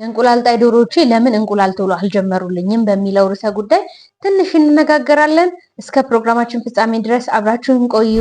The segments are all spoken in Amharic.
የእንቁላል ጣይ ዶሮዎቼ ለምን እንቁላል ቶሎ አልጀመሩልኝም በሚለው ርዕሰ ጉዳይ ትንሽ እንነጋገራለን። እስከ ፕሮግራማችን ፍጻሜ ድረስ አብራችሁን ቆዩ።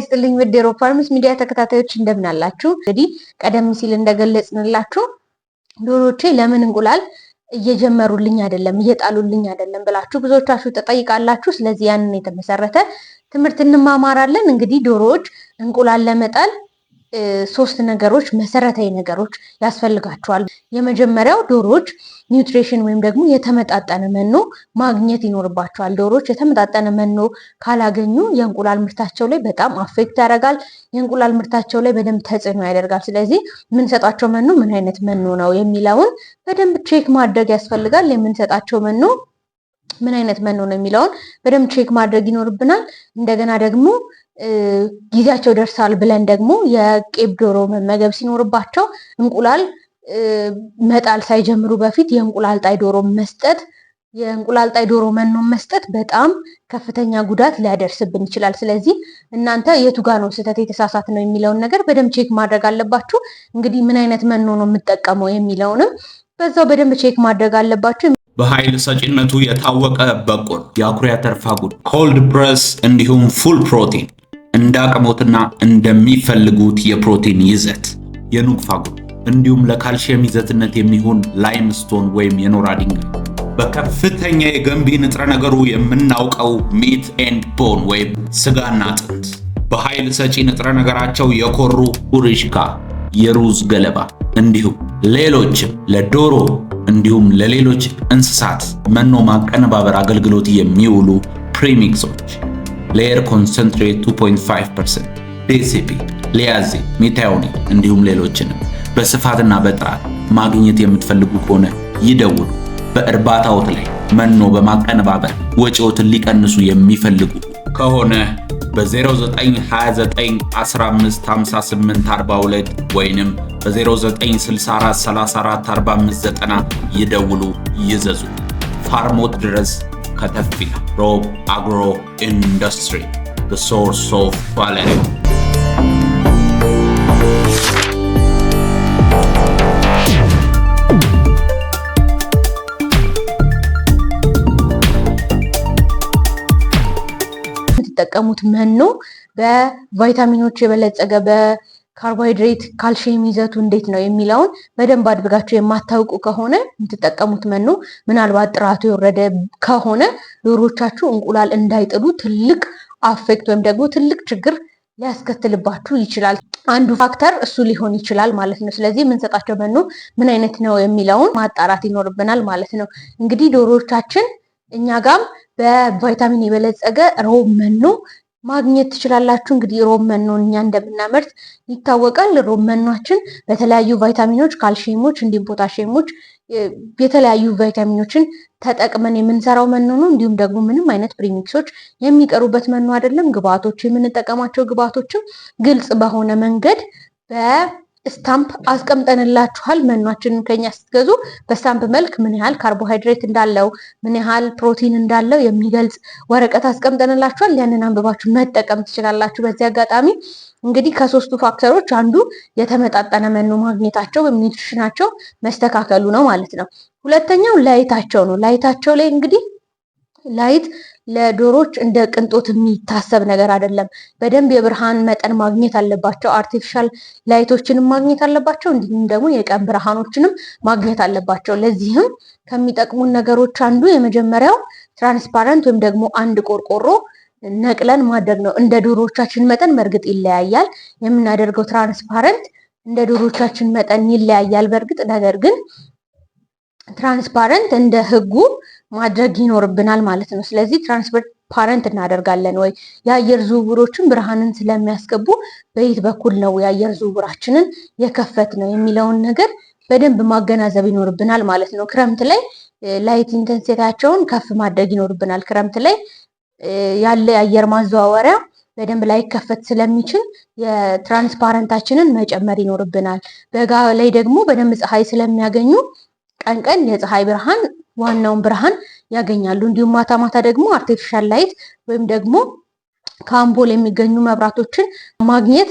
ይስጥልኝ ውድ ፋርምስ ሚዲያ ተከታታዮች እንደምን አላችሁ? እንግዲህ ቀደም ሲል እንደገለጽንላችሁ ዶሮቼ ለምን እንቁላል እየጀመሩልኝ አይደለም እየጣሉልኝ አይደለም ብላችሁ ብዙዎቻችሁ ተጠይቃላችሁ። ስለዚህ ያንን የተመሰረተ ትምህርት እንማማራለን። እንግዲህ ዶሮዎች እንቁላል ለመጣል ሶስት ነገሮች መሰረታዊ ነገሮች ያስፈልጋቸዋል። የመጀመሪያው ዶሮዎች ኒውትሪሽን ወይም ደግሞ የተመጣጠነ መኖ ማግኘት ይኖርባቸዋል። ዶሮዎች የተመጣጠነ መኖ ካላገኙ የእንቁላል ምርታቸው ላይ በጣም አፌክት ያደርጋል። የእንቁላል ምርታቸው ላይ በደንብ ተጽዕኖ ያደርጋል። ስለዚህ የምንሰጣቸው መኖ ምን አይነት መኖ ነው የሚለውን በደንብ ቼክ ማድረግ ያስፈልጋል። የምንሰጣቸው መኖ ምን አይነት መኖ ነው የሚለውን በደንብ ቼክ ማድረግ ይኖርብናል። እንደገና ደግሞ ጊዜያቸው ደርሳል ብለን ደግሞ የቄብ ዶሮ መመገብ ሲኖርባቸው እንቁላል መጣል ሳይጀምሩ በፊት የእንቁላል ጣይ ዶሮ መስጠት የእንቁላል ጣይ ዶሮ መኖ መስጠት በጣም ከፍተኛ ጉዳት ሊያደርስብን ይችላል። ስለዚህ እናንተ የቱ ጋ ነው ስህተት የተሳሳት ነው የሚለውን ነገር በደንብ ቼክ ማድረግ አለባችሁ። እንግዲህ ምን አይነት መኖ ነው የምጠቀመው የሚለውንም በዛው በደንብ ቼክ ማድረግ አለባችሁ። በኃይል ሰጪነቱ የታወቀ በቁር የአኩሪ አተር ፋጉድ፣ ኮልድ ፕረስ እንዲሁም ፉል ፕሮቲን እንዳቅሞትና እንደሚፈልጉት የፕሮቲን ይዘት፣ የኑግ እንዲሁም ለካልሽየም ይዘትነት የሚሆን ላይምስቶን ወይም የኖራ ድንጋይ በከፍተኛ የገንቢ ንጥረ ነገሩ የምናውቀው ሚት ኤንድ ቦን ወይም ስጋና አጥንት፣ በኃይል ሰጪ ንጥረ ነገራቸው የኮሩ ኡሪሽካ፣ የሩዝ ገለባ እንዲሁም ሌሎችም ለዶሮ እንዲሁም ለሌሎች እንስሳት መኖ ማቀነባበር አገልግሎት የሚውሉ ፕሪሚክሶች ሌየር ኮንሰንትሬት 2.5% ዴሲፒ፣ ሊያዚ፣ ሜታዮኒ እንዲሁም ሌሎችንም በስፋትና በጥራት ማግኘት የምትፈልጉ ከሆነ ይደውሉ። በእርባታዎት ላይ መኖ በማቀነባበር ወጪዎትን ሊቀንሱ የሚፈልጉ ከሆነ በ0929155842 ወይንም በ0964344590 ይደውሉ፣ ይዘዙ። ፋርሞት ድረስ ከተፊ ሮብ አግሮ ኢንዱስትሪ ሶርስ ኦፍ ቫለሪ የምትጠቀሙት መኖ በቫይታሚኖች የበለጸገ ካርቦሃይድሬት ካልሽየም ይዘቱ እንዴት ነው የሚለውን በደንብ አድርጋችሁ የማታውቁ ከሆነ የምትጠቀሙት መኖ ምናልባት ጥራቱ የወረደ ከሆነ ዶሮቻችሁ እንቁላል እንዳይጥሉ ትልቅ አፌክት ወይም ደግሞ ትልቅ ችግር ሊያስከትልባችሁ ይችላል። አንዱ ፋክተር እሱ ሊሆን ይችላል ማለት ነው። ስለዚህ የምንሰጣቸው መኖ ምን አይነት ነው የሚለውን ማጣራት ይኖርብናል ማለት ነው። እንግዲህ ዶሮዎቻችን እኛ ጋም በቫይታሚን የበለጸገ ሮብ መኖ ማግኘት ትችላላችሁ። እንግዲህ ሮብ መኖ እኛ እንደምናመርት ይታወቃል። ሮብ መኖችን በተለያዩ ቫይታሚኖች፣ ካልሽየሞች እንዲሁም ፖታሽየሞች የተለያዩ ቫይታሚኖችን ተጠቅመን የምንሰራው መኖ ነው። እንዲሁም ደግሞ ምንም አይነት ፕሪሚክሶች የሚቀሩበት መኖ አይደለም። ግብአቶች የምንጠቀማቸው ግብአቶችም ግልጽ በሆነ መንገድ በ ስታምፕ አስቀምጠንላችኋል። መኗችንን ከኛ ስትገዙ በስታምፕ መልክ ምን ያህል ካርቦሃይድሬት እንዳለው ምን ያህል ፕሮቲን እንዳለው የሚገልጽ ወረቀት አስቀምጠንላችኋል። ያንን አንብባችሁ መጠቀም ትችላላችሁ። በዚህ አጋጣሚ እንግዲህ ከሶስቱ ፋክተሮች አንዱ የተመጣጠነ መኖ ማግኘታቸው ወይም ኒትሪሽናቸው መስተካከሉ ነው ማለት ነው። ሁለተኛው ላይታቸው ነው። ላይታቸው ላይ እንግዲህ ላይት ለዶሮች እንደ ቅንጦት የሚታሰብ ነገር አይደለም። በደንብ የብርሃን መጠን ማግኘት አለባቸው። አርቲፊሻል ላይቶችንም ማግኘት አለባቸው። እንዲሁም ደግሞ የቀን ብርሃኖችንም ማግኘት አለባቸው። ለዚህም ከሚጠቅሙን ነገሮች አንዱ የመጀመሪያው ትራንስፓረንት ወይም ደግሞ አንድ ቆርቆሮ ነቅለን ማድረግ ነው። እንደ ዶሮዎቻችን መጠን በእርግጥ ይለያያል። የምናደርገው ትራንስፓረንት እንደ ዶሮቻችን መጠን ይለያያል በእርግጥ ነገር ግን ትራንስፓረንት እንደ ህጉ ማድረግ ይኖርብናል ማለት ነው። ስለዚህ ትራንስፖርት ፓረንት እናደርጋለን ወይ የአየር ዝውውሮችን ብርሃንን ስለሚያስገቡ በየት በኩል ነው የአየር ዝውውራችንን የከፈት ነው የሚለውን ነገር በደንብ ማገናዘብ ይኖርብናል ማለት ነው። ክረምት ላይ ላይት ኢንተንሴታቸውን ከፍ ማድረግ ይኖርብናል። ክረምት ላይ ያለ የአየር ማዘዋወሪያ በደንብ ላይከፈት ስለሚችል የትራንስፓረንታችንን መጨመር ይኖርብናል። በጋ ላይ ደግሞ በደንብ ፀሐይ ስለሚያገኙ ቀን ቀን የፀሐይ ብርሃን ዋናውን ብርሃን ያገኛሉ። እንዲሁም ማታ ማታ ደግሞ አርቲፊሻል ላይት ወይም ደግሞ ከአምፖል የሚገኙ መብራቶችን ማግኘት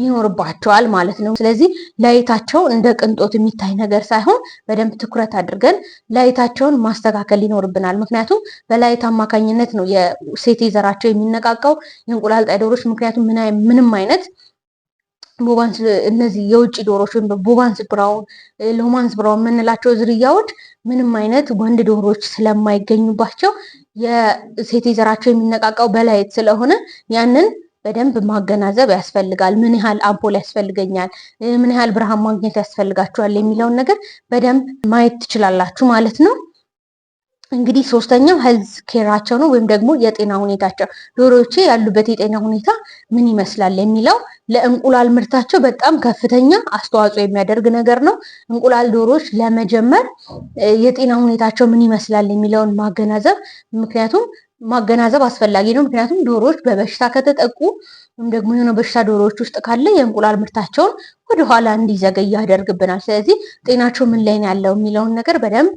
ይኖርባቸዋል ማለት ነው። ስለዚህ ላይታቸው እንደ ቅንጦት የሚታይ ነገር ሳይሆን በደንብ ትኩረት አድርገን ላይታቸውን ማስተካከል ይኖርብናል። ምክንያቱም በላይት አማካኝነት ነው የሴት ዘራቸው የሚነቃቃው የእንቁላል ጣይ ዶሮች ምክንያቱም ምንም አይነት ቦባንስ እነዚህ የውጭ ወይም ቦባንስ ብራውን፣ ሎማንስ ብራውን የምንላቸው ዝርያዎች ምንም አይነት ወንድ ዶሮዎች ስለማይገኙባቸው የሴት ዘራቸው የሚነቃቀው በላይት ስለሆነ ያንን በደንብ ማገናዘብ ያስፈልጋል። ምን ያህል አምፖል ያስፈልገኛል፣ ምን ያህል ብርሃን ማግኘት ያስፈልጋቸዋል የሚለውን ነገር በደንብ ማየት ትችላላችሁ ማለት ነው። እንግዲህ ሶስተኛው ሄልዝ ኬራቸው ነው ወይም ደግሞ የጤና ሁኔታቸው ዶሮዎቼ ያሉበት የጤና ሁኔታ ምን ይመስላል የሚለው ለእንቁላል ምርታቸው በጣም ከፍተኛ አስተዋጽኦ የሚያደርግ ነገር ነው። እንቁላል ዶሮዎች ለመጀመር የጤና ሁኔታቸው ምን ይመስላል የሚለውን ማገናዘብ ምክንያቱም ማገናዘብ አስፈላጊ ነው። ምክንያቱም ዶሮዎች በበሽታ ከተጠቁ ወይም ደግሞ የሆነ በሽታ ዶሮዎች ውስጥ ካለ የእንቁላል ምርታቸውን ወደኋላ እንዲዘገይ ያደርግብናል። ስለዚህ ጤናቸው ምን ላይ ያለው የሚለውን ነገር በደንብ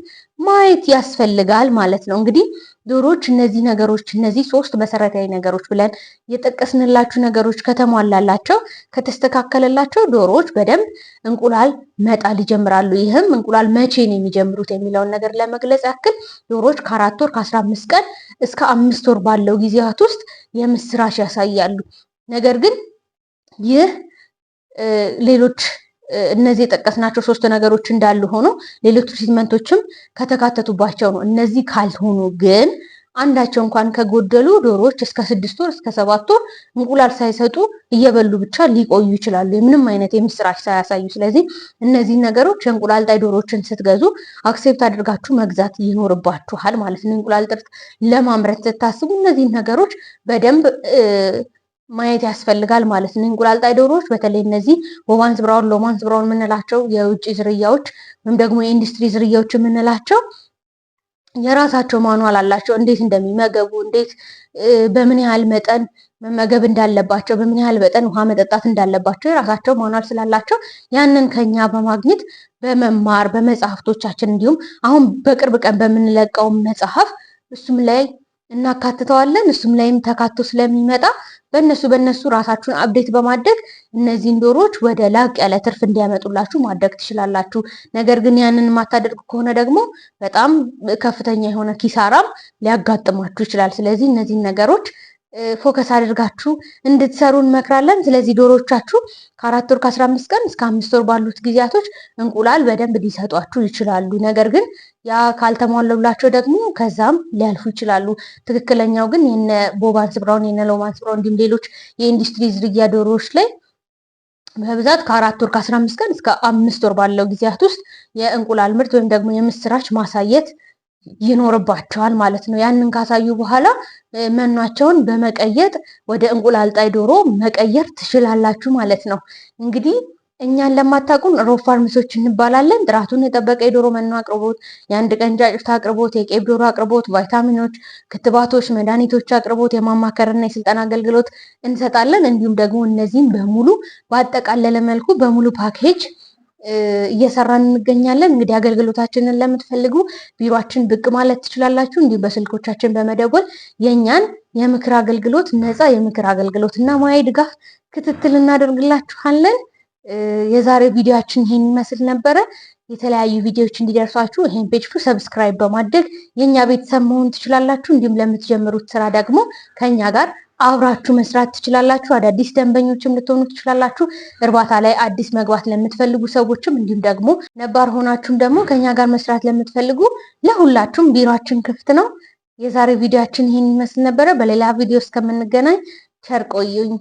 ማየት ያስፈልጋል ማለት ነው። እንግዲህ ዶሮዎች እነዚህ ነገሮች እነዚህ ሶስት መሰረታዊ ነገሮች ብለን የጠቀስንላችሁ ነገሮች ከተሟላላቸው ከተስተካከለላቸው ዶሮዎች በደንብ እንቁላል መጣል ይጀምራሉ። ይህም እንቁላል መቼ ነው የሚጀምሩት የሚለውን ነገር ለመግለጽ ያክል ዶሮዎች ከአራት ወር ከአስራ አምስት ቀን እስከ አምስት ወር ባለው ጊዜያት ውስጥ የምስራች ያሳያሉ። ነገር ግን ይህ ሌሎች እነዚህ የጠቀስናቸው ሶስት ነገሮች እንዳሉ ሆኖ ሌሎች ትሪትመንቶችም ከተካተቱባቸው ነው። እነዚህ ካልሆኑ ግን አንዳቸው እንኳን ከጎደሉ ዶሮዎች እስከ ስድስት ወር እስከ ሰባት ወር እንቁላል ሳይሰጡ እየበሉ ብቻ ሊቆዩ ይችላሉ፣ የምንም አይነት የምስራች ሳያሳዩ። ስለዚህ እነዚህ ነገሮች የእንቁላል ጣይ ዶሮዎችን ስትገዙ አክሴፕት አድርጋችሁ መግዛት ይኖርባችኋል ማለት ነው። እንቁላል ጥርት ለማምረት ስታስቡ እነዚህን ነገሮች በደንብ ማየት ያስፈልጋል ማለት ነው። እንቁላል ጣይ ዶሮዎች በተለይ እነዚህ ቦቫንስ ብራውን፣ ሎማንስ ብራውን የምንላቸው የውጭ ዝርያዎች ወይም ደግሞ የኢንዱስትሪ ዝርያዎች የምንላቸው የራሳቸው ማኗል አላቸው። እንዴት እንደሚመገቡ እንዴት በምን ያህል መጠን መመገብ እንዳለባቸው በምን ያህል መጠን ውሃ መጠጣት እንዳለባቸው የራሳቸው ማኗል ስላላቸው ያንን ከኛ በማግኘት በመማር በመጽሐፍቶቻችን እንዲሁም አሁን በቅርብ ቀን በምንለቀው መጽሐፍ እሱም ላይ እናካትተዋለን። እሱም ላይም ተካቶ ስለሚመጣ በእነሱ በእነሱ ራሳችሁን አፕዴት በማድረግ እነዚህን ዶሮዎች ወደ ላቅ ያለ ትርፍ እንዲያመጡላችሁ ማድረግ ትችላላችሁ። ነገር ግን ያንን የማታደርጉ ከሆነ ደግሞ በጣም ከፍተኛ የሆነ ኪሳራም ሊያጋጥማችሁ ይችላል። ስለዚህ እነዚህን ነገሮች ፎከስ አድርጋችሁ እንድትሰሩ እንመክራለን። ስለዚህ ዶሮዎቻችሁ ከአራት ወር ከአስራ አምስት ቀን እስከ አምስት ወር ባሉት ጊዜያቶች እንቁላል በደንብ ሊሰጧችሁ ይችላሉ። ነገር ግን ያ ካልተሟለላቸው ደግሞ ከዛም ሊያልፉ ይችላሉ። ትክክለኛው ግን የነ ቦባን ስብራውን የነ ሎማን ስብራውን እንዲሁም ሌሎች የኢንዱስትሪ ዝርያ ዶሮዎች ላይ በብዛት ከአራት ወር ከአስራ አምስት ቀን እስከ አምስት ወር ባለው ጊዜያት ውስጥ የእንቁላል ምርት ወይም ደግሞ የምስራች ማሳየት ይኖርባቸዋል ማለት ነው። ያንን ካሳዩ በኋላ መኗቸውን በመቀየጥ ወደ እንቁላል ጣይ ዶሮ መቀየር ትችላላችሁ ማለት ነው። እንግዲህ እኛን ለማታውቁን ሮብ ፋርምሶች እንባላለን። ጥራቱን የጠበቀ የዶሮ መኖ አቅርቦት፣ የአንድ ቀን ጫጭፍታ አቅርቦት፣ የቄብ ዶሮ አቅርቦት፣ ቫይታሚኖች፣ ክትባቶች፣ መድኃኒቶች አቅርቦት፣ የማማከርና የስልጠና አገልግሎት እንሰጣለን። እንዲሁም ደግሞ እነዚህም በሙሉ ባጠቃለለ መልኩ በሙሉ ፓኬጅ እየሰራን እንገኛለን። እንግዲህ አገልግሎታችንን ለምትፈልጉ ቢሮችን ብቅ ማለት ትችላላችሁ። እንዲሁም በስልኮቻችን በመደወል የእኛን የምክር አገልግሎት ነፃ የምክር አገልግሎት እና ሙያዊ ድጋፍ ክትትል እናደርግላችኋለን። የዛሬ ቪዲዮችን ይሄን ይመስል ነበረ። የተለያዩ ቪዲዮዎች እንዲደርሷችሁ ይሄን ፔጅ ሰብስክራይብ በማድረግ የእኛ ቤተሰብ መሆን ትችላላችሁ። እንዲሁም ለምትጀምሩት ስራ ደግሞ ከእኛ ጋር አብራችሁ መስራት ትችላላችሁ። አዳዲስ ደንበኞችም ልትሆኑ ትችላላችሁ። እርባታ ላይ አዲስ መግባት ለምትፈልጉ ሰዎችም እንዲሁም ደግሞ ነባር ሆናችሁም ደግሞ ከኛ ጋር መስራት ለምትፈልጉ ለሁላችሁም ቢሯችን ክፍት ነው። የዛሬ ቪዲዮችን ይህን ይመስል ነበረ። በሌላ ቪዲዮ እስከምንገናኝ ቸር ቆዩኝ።